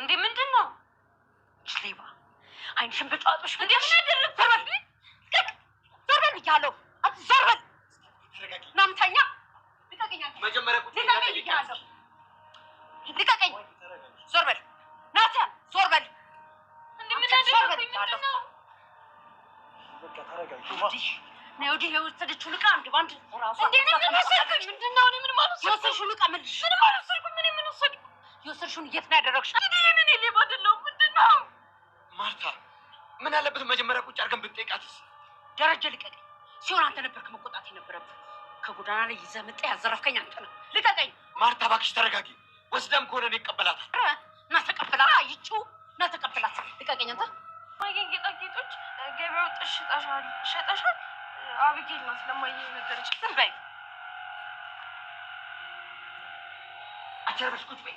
እንዴ ምንድን ነው? ሌባ አይንሽን ብጫጦሽ እንዴ ምን ያደርግ ተረቢ ዞር ናምተኛ ልቀቀኝ፣ ልቀቀኝ ብያለሁ። ልቀቀኝ፣ ዞር በል ናተ፣ ዞር በል ወዲህ የወሰደችው ልቃ አንድ በአንድ ምንድን ነው? ምን ነው? ልቃ የወሰድሽውን የት ነው ያደረግሽው? እኔ እኔ ሌባ አይደለሁም። ምንድን ነው ማርታ? ምን አለበት መጀመሪያ ቁጭ አድርገን ብንጠይቃትስ? ደረጀ ልቀቀኝ። ሲሆን አንተ ነበርክ መቆጣት የነበረብህ። ከጎዳና ላይ ይዘህ መጥተህ ያዘረፍከኝ አንተ ነው። ልቀቀኝ ማርታ፣ እባክሽ ተረጋጊ። ወስደም ከሆነ እኔ እቀበላታለሁ። ኧረ እና ተቀበላ ይጩ እና ተቀበላት። ልቀቀኝ አንተ። ማየን ጌጣጌጦች ገበያ ወጥሽ ሸጠሻል፣ ሸጠሻል። አብጌል ናት ለማየ ነገረች። ዝም በይ አትረብሽ፣ ቁጭ በይ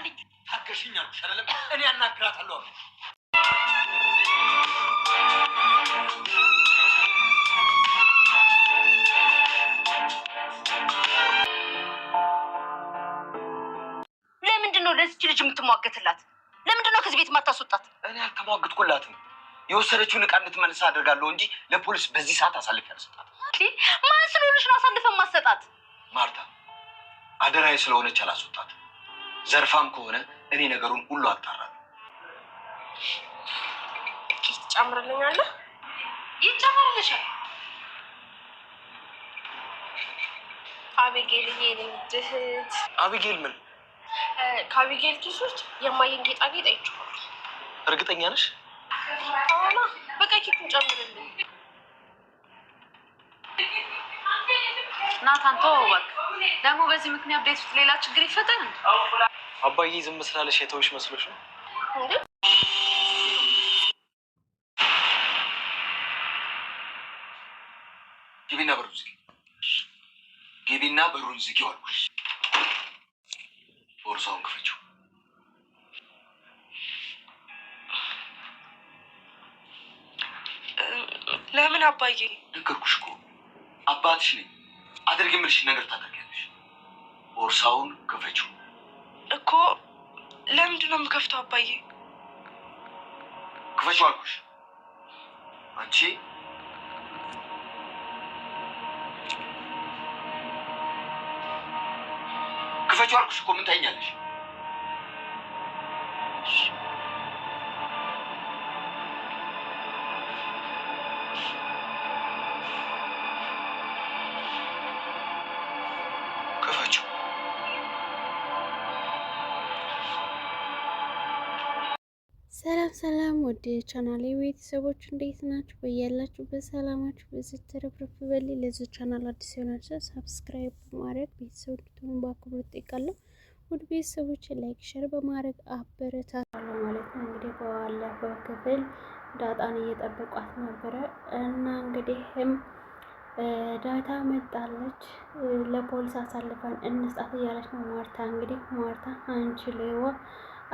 አምጣልኝ። ታገሽኝ አልኩሽ አይደለም? እኔ አናግራታለሁ። ለምንድን ነው ለዚች ልጅ የምትሟገትላት? ለምንድን ነው ከዚህ ቤት የማታስወጣት እኔ አልተሟገትኩላትም። የወሰደችውን እቃ እንድትመልስ አደርጋለሁ እንጂ ለፖሊስ በዚህ ሰዓት አሳልፌ አልሰጣትም። ማን ስለሆነች ነው ማሰጣት? ማርታ አደራዬ ስለሆነች አላስወጣትም። ዘርፋም ከሆነ እኔ ነገሩን ሁሉ አጣራለሁ። ትጨምርልኛለህ? ይጨምርልሻል። አቤጌል እህት አቤጌል ምን ከአቤጌል ኪስ የማየን ጌጣጌጥ አይቼዋለሁ። እርግጠኛ ነሽ? በቃ ኬኩን ጨምርልኝ ናታን ተወው በቃ ደግሞ በዚህ ምክንያት ቤት ውስጥ ሌላ ችግር ይፈጠር። አባዬ ዝም ስላለሽ የተውሽ መስሎች ነው? ግቢና በሩን ዝጊ፣ ግቢና በሩን ዝጊ አልኩሽ። ቦርሳውን ክፈችው። ለምን አባዬ? ነገርኩሽ እኮ አባትሽ ነኝ። አድርግ የምልሽ ነገር ታደርጊያለሽ። ቦርሳውን ክፈችው እኮ። ለምንድን ነው የምከፍተው አባዬ? ክፈችው አልኩሽ። አንቺ ክፈችው አልኩሽ እኮ ምን ታይኛለሽ? ሰላም ሰላም ወደ ቻናሌ ቤተሰቦች እንዴት ናችሁ? በያላችሁበት በሰላማችሁ በዚህ ተረፍረፍ በል። ለዚ ቻናል አዲስ የሆናችሁ ሰብስክራይብ በማድረግ ቤተሰብ እንድትሆኑ በአክብሮት እጠይቃለሁ። ውድ ቤተሰቦች ላይክ፣ ሸር በማድረግ አበረታታለሁ ማለት ነው። እንግዲህ በባለፈው ክፍል ዳጣን እየጠበቋት ነበረ እና እንግዲህም ዳታ መጣለች። ለፖሊስ አሳልፈን እንስጣት እያለች ነው ማርታ። እንግዲህ ማርታ አንቺ ሌባ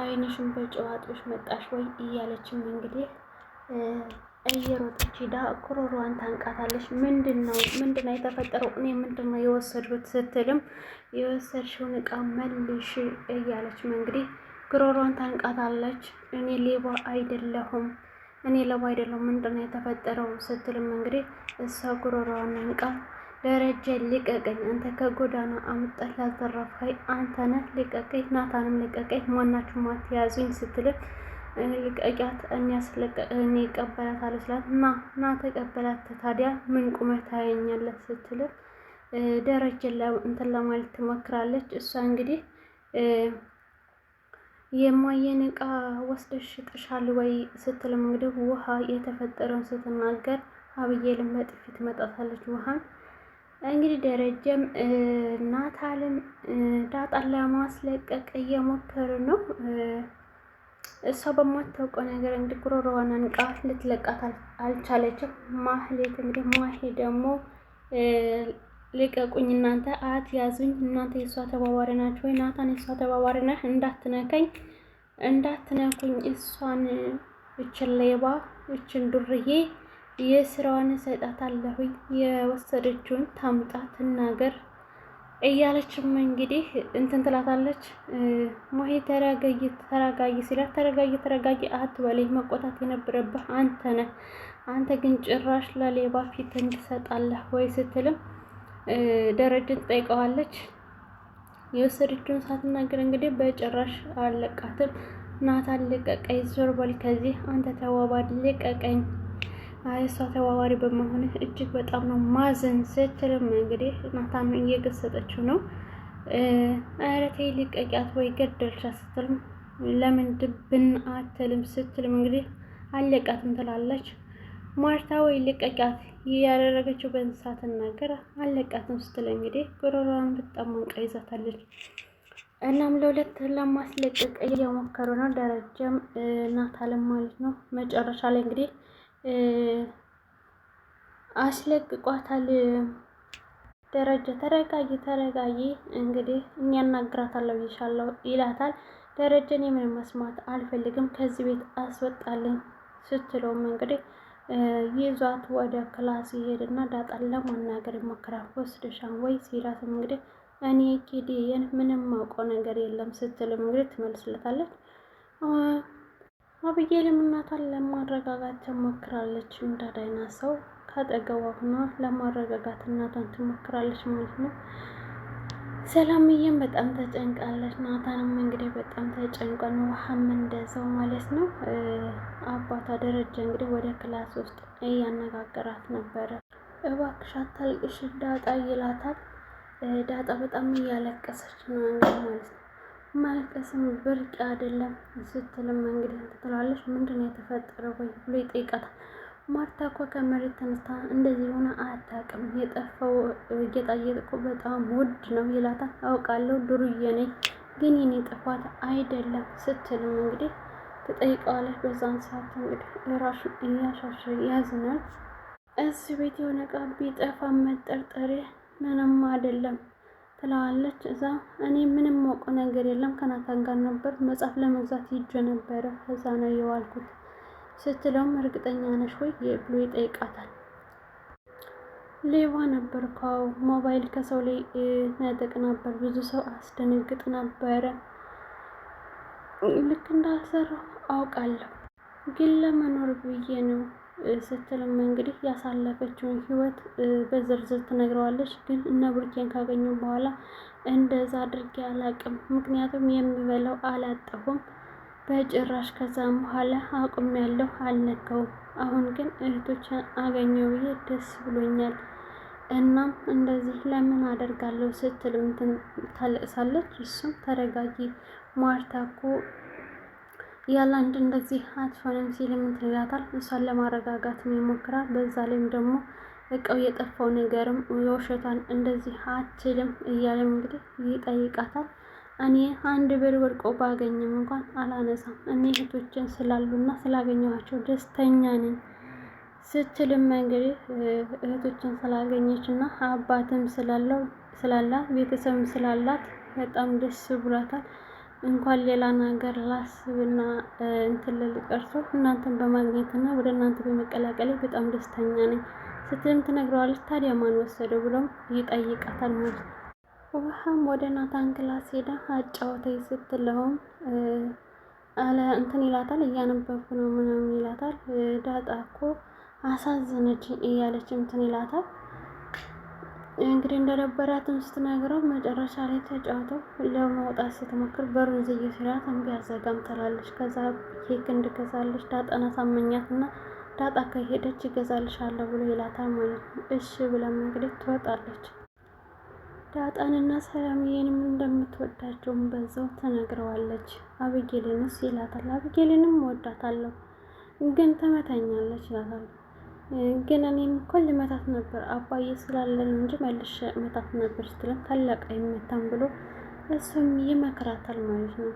አይንሽን በጨዋጦች መጣሽ ወይ እያለችም እንግዲህ እየሮጠች ሂዳ ኩሮሯን ታንቃታለች። ምንድን ነው ምንድን ነው የተፈጠረው? እኔ ምንድን ነው የወሰድሁት ስትልም የወሰድሽውን እቃ መልሽ እያለችም እንግዲህ ጉሮሯን ታንቃታለች። እኔ ሌባ አይደለሁም፣ እኔ ለባ አይደለሁም፣ ምንድን ነው የተፈጠረው ስትልም እንግዲህ እሷ ጉሮሯን አንቃ ደረጀ ልቀቀኝ፣ አንተ ከጎዳና አምጠህ ያዘረፍከኝ አንተ ነህ፣ ልቀቀኝ፣ ናታንም ልቀቀኝ፣ ማናችሁም አትያዙኝ ስትልም ልቀቂያት፣ እኔ እቀበላታለሁ ስላት እና ና ተቀበላት፣ ታዲያ ምን ቁመህ ታየኛለህ ስትልም ደረጀን እንትን ለማለት ትሞክራለች። እሷ እንግዲህ የማየን እቃ ወስደሽ ጥሻል ወይ ስትልም እንግዲህ ውሃ የተፈጠረውን ስትናገር አብዬ ልም በጥፊ ውሃን እንግዲህ ደረጀም ናታልን ዳጣን ለማስለቀቅ እየሞከሩ ነው። እሷ በማታውቀው ነገር እንግዲህ ጉሮሮዋን አንቃ ልትለቃት አልቻለችም። ማህሌት እንግዲህ ማሄ ደግሞ ልቀቁኝ፣ እናንተ አትያዙኝ፣ እናንተ የእሷ ተባባሪ ናችሁ ወይ? ናታን የእሷ ተባባሪ ነህ፣ እንዳትነከኝ፣ እንዳትነኩኝ፣ እሷን እችን ሌባ፣ እችን ዱርዬ የስራዋን እሰጣታለሁኝ የወሰደችውን ታምጣ ትናገር እያለችም እንግዲህ እንትን ትላታለች። ሞሄ ተረጋጊ ተረጋጊ ሲላት ተረጋጊ ተረጋጊ አትበለኝ፣ መቆጣት የነበረብህ አንተ ነህ። አንተ ግን ጭራሽ ለሌባ ፊትን ትሰጣለህ ወይ ስትልም ደረጀን ትጠይቀዋለች። የወሰደችውን ሳትናገር እንግዲህ በጭራሽ አለቃትም። ናታን ልቀቀኝ፣ ዞር በል ከዚህ አንተ ተዋባድ ልቀቀኝ አይ እሷ ተዋዋሪ በመሆንህ እጅግ በጣም ነው ማዘን ስትልም እንግዲህ ናታን እየገሰጠችው ነው። ኧረ ተይ ልቀቂያት ወይ ገደልሻ ስትልም ለምን ድብን አትልም ስትልም እንግዲህ አለቃትም ትላለች። ማርታ ወይ ልቀቂያት ያደረገችው በእንስሳትን ነገር አለቃትም ስትል እንግዲህ ጉሮሯን በጣም አንቃ ይዛታለች። እናም ለሁለት ለማስለቀቅ እየሞከሩ ነው ደረጀም ናታልም ማለት ነው። መጨረሻ ላይ እንግዲህ አስለቅቋታል። ደረጀ ተረጋጊ ተረጋጊ፣ እንግዲህ እኛ አናግራታለሁ ይሻለው ይላታል። ደረጀን የምን መስማት አልፈልግም፣ ከዚህ ቤት አስወጣልኝ ስትለውም እንግዲህ ይዟት ወደ ክላስ ይሄድና ዳጣን ለማናገር ይሞክራል። ወስደሻን ወይ ሲላትም እንግዲህ እኔ ኪዲየን ምንም አውቀው ነገር የለም ስትልም እንግዲህ ትመልስለታለች። አብጌልም እናቷን ለማረጋጋት ትሞክራለች። እንዳዳይና ሰው ካጠገቧ ሆና ለማረጋጋት እናቷን ትሞክራለች ማለት ነው። ሰላምዬም በጣም ተጨንቃለች። ናታንም እንግዲህ በጣም ተጨንቋል። ውሃም እንደዛው ማለት ነው። አባቷ ደረጃ እንግዲህ ወደ ክላስ ውስጥ እያነጋገራት ነበረ። እባክሽ አታልቅሽ ዳጣ ይላታል። ዳጣ በጣም እያለቀሰች ነው እንግዲህ ማለት ነው። ማልቀስም ብርቅ አይደለም ስትልም እንግዲህ ትትለዋለች። ምንድን ነው የተፈጠረው ወይ ብሎ ይጠይቃታል። ማርታ እኮ ከመሬት ተነስታ እንደዚህ ሆነ አያታቅም። የጠፋው ጌጣጌጥ እኮ በጣም ውድ ነው ይላታል። አውቃለሁ ዱርዬ ነኝ፣ ግን የኔ ጥፋት አይደለም ስትልም እንግዲህ ትጠይቀዋለች። በዛን ሰዓት እንግዲህ ራሱን እያሻሸ ያዝናል። እዚህ ቤት የሆነ ዕቃ ቢጠፋ መጠርጠሬ ምንም አይደለም ትለዋለች። እዛ እኔ ምንም ማውቀው ነገር የለም ከናታን ጋር ነበር መጽሐፍ ለመግዛት ይጀ ነበረ እዛ ነው የዋልኩት ስትለውም እርግጠኛ ነሽ ወይ ብሎ ይጠይቃታል። ሌባ ነበር ካው ሞባይል ከሰው ላይ ነጠቅ ነበር፣ ብዙ ሰው አስደነግጥ ነበረ። ልክ እንዳልሰራው አውቃለሁ፣ ግን ለመኖር ብዬ ነው ስትልም እንግዲህ ያሳለፈችውን ህይወት በዝርዝር ትነግረዋለች። ግን እነ ብሩኬን ካገኙ በኋላ እንደዛ አድርጌ አላቅም፣ ምክንያቱም የሚበላው አላጠፉም በጭራሽ። ከዛም በኋላ አቁም ያለው አልነካውም። አሁን ግን እህቶች አገኘው ብዬ ደስ ብሎኛል። እናም እንደዚህ ለምን አደርጋለሁ ስትልም ታለቅሳለች። እሱም ተረጋጊ ማርታ እኮ ያለ አንድ እንደዚህ አትሆንም ሲል እንትን ይላታል። እሷን ለማረጋጋት ይሞክራል። በዛ ላይም ደግሞ እቀው የጠፋው ነገርም የውሸቷን እንደዚህ አትልም እያለም እንግዲህ ይጠይቃታል። እኔ አንድ ብር ወድቆ ባገኝም እንኳን አላነሳም እኔ እህቶችን ስላሉና ስላገኘኋቸው ደስተኛ ነኝ ስትልም እንግዲህ እህቶችን ስላገኘች እና አባትም ስላለው ስላላት ቤተሰብም ስላላት በጣም ደስ ብሏታል። እንኳን ሌላ ነገር ላስብና እንትን ልል ቀርቶ እናንተን በማግኘትና ወደ እናንተ በመቀላቀሌ በጣም ደስተኛ ነኝ ስትልም ትነግረዋለች። ታዲያ ማን ወሰደው ብሎም ይጠይቃታል ማለት ነው። ውሃም ወደ ናታን ክላስ ሄዳ አጫወተኝ ስትለውም አለ እንትን ይላታል። እያነበብኩ ነው ምናምን ይላታል። ዳጣ እኮ አሳዘነች እያለች እንትን ይላታል። እንግዲህ እንደነበራትም ስትነግረው መጨረሻ ላይ ተጫውተው ለመውጣት ስትሞክር በሩን ዝዩ ሲላት እምቢ አዘጋም ትላለች። ከዛ ኬክ እንድገዛለች ዳጣን አሳመኛት እና ዳጣ ከሄደች አለ ብሎ ይላታል ማለት ነው። እሺ ብለን እንግዲህ ትወጣለች። ዳጣንና ሰላምዬንም እንደምትወዳቸውም በዛው ትነግረዋለች። አብጌልንስ ይላታል። አብጌልንም አለሁ ግን ትመታኛለች ይላታል። ግን እኔም እኮ ልመታት ነበር አባዬ ስላለን እንጂ መልሽ መታት ነበር ስትለን ታላቅ አይመታም ብሎ እሱም ይመክራታል ማለት ነው።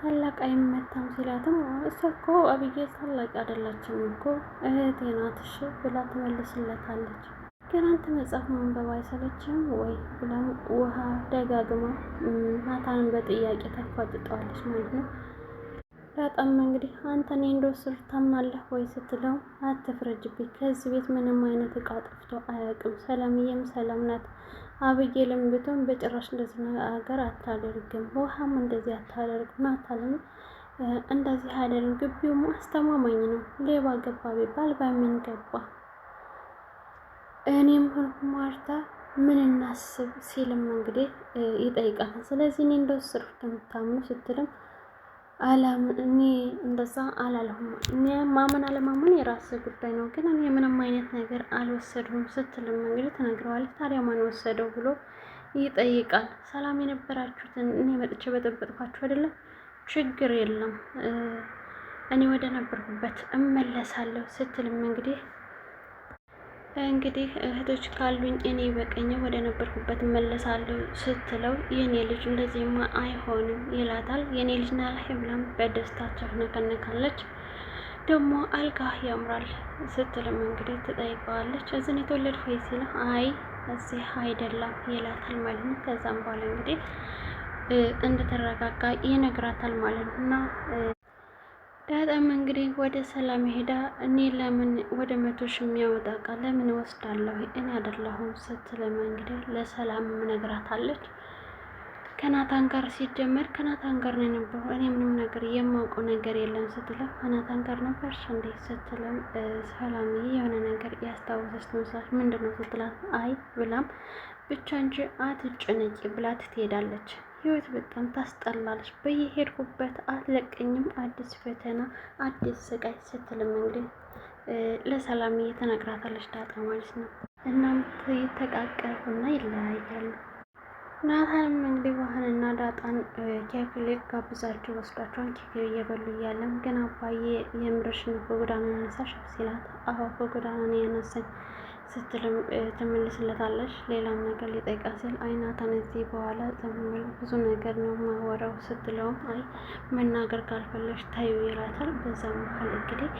ታላቅ አይመታም ሲላትም እሷ እኮ አብዬ ታላቅ አይደላችም እኮ እህቴ ናት ብላ ትመልስለታለች። ግን አንተ መጽሐፍ ማንበብ አይሰለችም ወይ ብላም ውሃ ደጋግማ ናታንን በጥያቄ ታፋጥጠዋለች ማለት ነው። ኤፍራጣም እንግዲህ አንተ እኔ እንደው ስር ታምናለህ ወይ ስትለው አትፍረጅብኝ፣ ከዚህ ቤት ምንም አይነት እቃ ጠፍቶ አያውቅም። ሰላምዬም ሰላም ናት። አብዬልም ብትሆን በጭራሽ እንደዚህ ነገር አታደርግም። ውሃም እንደዚህ አታደርግም አታለም እንደዚህ አደርም ግቢውም አስተማማኝ ነው። ሌባ ገባ ቢባል በምን ገባ? እኔም ሆንኩ ማርታ ምን እናስብ ሲልም እንግዲህ ይጠይቃል። ስለዚህ እኔ እንደው ስር የምታምኑ ስትልም እኔ እንደዛ አላለሁም። እኔ ማመን አለማመን የራስ ጉዳይ ነው፣ ግን እኔ ምንም አይነት ነገር አልወሰድሁም ስትልም እንግዲህ ትነግረዋለች። ታዲያ ማን ወሰደው ብሎ ይጠይቃል። ሰላም የነበራችሁትን እኔ መጥቼ በጠበጥኳችሁ አይደለም፣ ችግር የለም እኔ ወደ ነበርኩበት እመለሳለሁ ስትልም እንግዲህ እንግዲህ እህቶች ካሉኝ እኔ በቀኝ ወደ ነበርኩበት መለሳለሁ ስትለው የኔ ልጅ እንደዚህማ አይሆንም ይላታል። የኔ ልጅ ናላህ ብላም በደስታ ትነከነካለች። ደግሞ አልጋ ያምራል ስትልም እንግዲህ ትጠይቀዋለች። እዚህን የተወለድ ሆይ ሲል አይ እዚህ አይደለም ይላታል ማለት ነው። ከዛም በኋላ እንግዲህ እንደተረጋጋ ይነግራታል ማለት ነው እና ዳጣም እንግዲህ ወደ ሰላም ሄዳ እኔ ለምን ወደ መቶ ሺህ የሚያወጣ እቃ ለምን ወስዳለሁ እኔ አይደለሁም ስትልም እንግዲህ ለሰላም ነግራታለች። ከናታን ጋር ሲጀመር ከናታን ጋር ነው የነበረው እኔ ምንም ነገር የማውቀው ነገር የለም ስትልም ከናታን ጋር ነበር እንዴ ስትልም ሰላም የሆነ ነገር ያስታወሰች ትመስላለች። ምንድን ነው ስትላት አይ ብላም ብቻ እንጂ አትጨነቂ ብላት ትሄዳለች። ህይወት በጣም ታስጠላለች። በየሄድኩበት አትለቀኝም፣ አዲስ ፈተና፣ አዲስ ስቃይ ስትልም እንግዲህ ለሰላም እየተነግራታለች ዳጣ ማለት ነው። እናም ይተቃቀፉና ይለያያሉ። ናታንም እንግዲህ ውሃንና ዳጣን ኬክ ጋብዛቸው ወስዷቸውን ኬክ እየበሉ እያለም ግን አባዬ የምርሽ ነው ከጎዳና ያነሳሽ ሲላት፣ አዎ ከጎዳና ነው ያነሳኝ ስትልም ትመልስለታለች። ሌላም ነገር ሊጠይቃ ሲል አይና ተነዚህ በኋላ ዝም ብዙ ነገር ነው ማወራው ስትለውም አይ መናገር ካልፈለሽ ታዩ ይላታል። በዛ መሀል እንግዲህ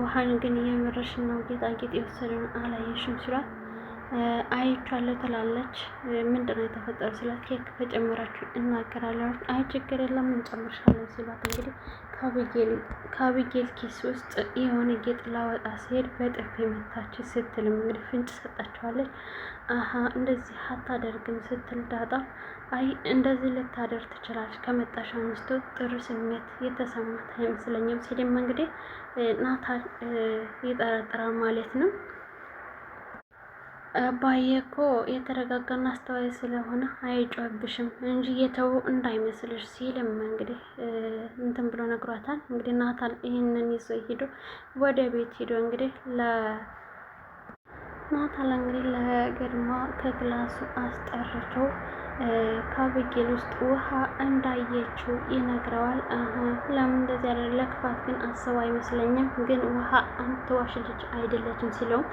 ውሃን ግን የምርሽ ነው ጌጣጌጥ የወሰደውን አላየሽም ሲሏት አይቻለሁ ትላለች። ምንድን ነው የተፈጠረው ስላት ኬክ ከጨመራችሁ እናገራለሁ። አይ ችግር የለም እንጨምርሻለን ሲላት እንግዲህ ከአቢጌል ኪስ ውስጥ የሆነ ጌጥ ላወጣ ሲሄድ በጥፊ መታች። ስትልም እንግዲህ ፍንጭ ሰጣቸዋለች። አሀ እንደዚህ አታደርግም ስትል ዳጣ አይ እንደዚህ ልታደር ትችላለች። ከመጣሽ አንስቶ ጥሩ ስሜት የተሰማት አይመስለኝም ሲልም እንግዲህ ናታል ይጠረጥራል ማለት ነው። አባዬ እኮ የተረጋጋና አስተዋይ ስለሆነ አይጮህብሽም እንጂ የተው እንዳይመስልሽ ሲልም እንግዲህ እንትን ብሎ ነግሯታል። እንግዲህ ናታል ይህንን ይዞ ሂዶ ወደ ቤት ሂዶ እንግዲህ ለ ናታል እንግዲህ ለገድማ ከክላሱ አስጠርቶ ከአብጌል ውስጥ ውሃ እንዳየችው ይነግረዋል። ለምን እንደዚህ ያደረ ለክፋት ግን አስበው አይመስለኝም፣ ግን ውሃ አምትዋሽ ልጅ አይደለችም ሲለውም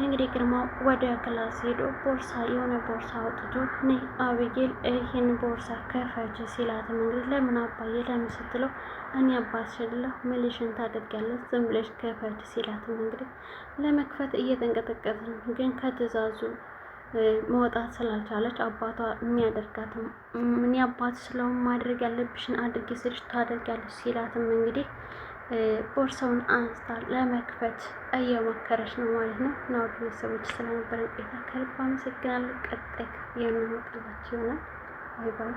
እንግዲህ ግርማ ወደ ክላስ ሄዶ ቦርሳ የሆነ ቦርሳ አውጥቶ እኔ አብጌል ይህን ቦርሳ ከፈች ሲላትም እንግዲህ ለምን አባዬ ለምን ስትለው እኔ አባትሽለሁ ምልሽን ታደርጊያለሽ ዝም ብለሽ ከፈች ሲላትም እንግዲህ ለመክፈት እየተንቀጠቀጠ ግን ከትእዛዙ መውጣት ስላልቻለች አባቷ የሚያደርጋትም እኔ አባት ስለውም ማድረግ ያለብሽን አድርጊ ስልሽ ታደርጊያለሽ ሲላትም እንግዲህ ቦርሳውን አንስታ ለመክፈት እየሞከረች ነው ማለት ነው። እና ውድ ቤተሰቦች ስለነበረን ቆይታ ከልብ አመሰግናለሁ። ቀጣይ ክፍል የምንመጣላችሁ ይሆናል። ባይ ባይ።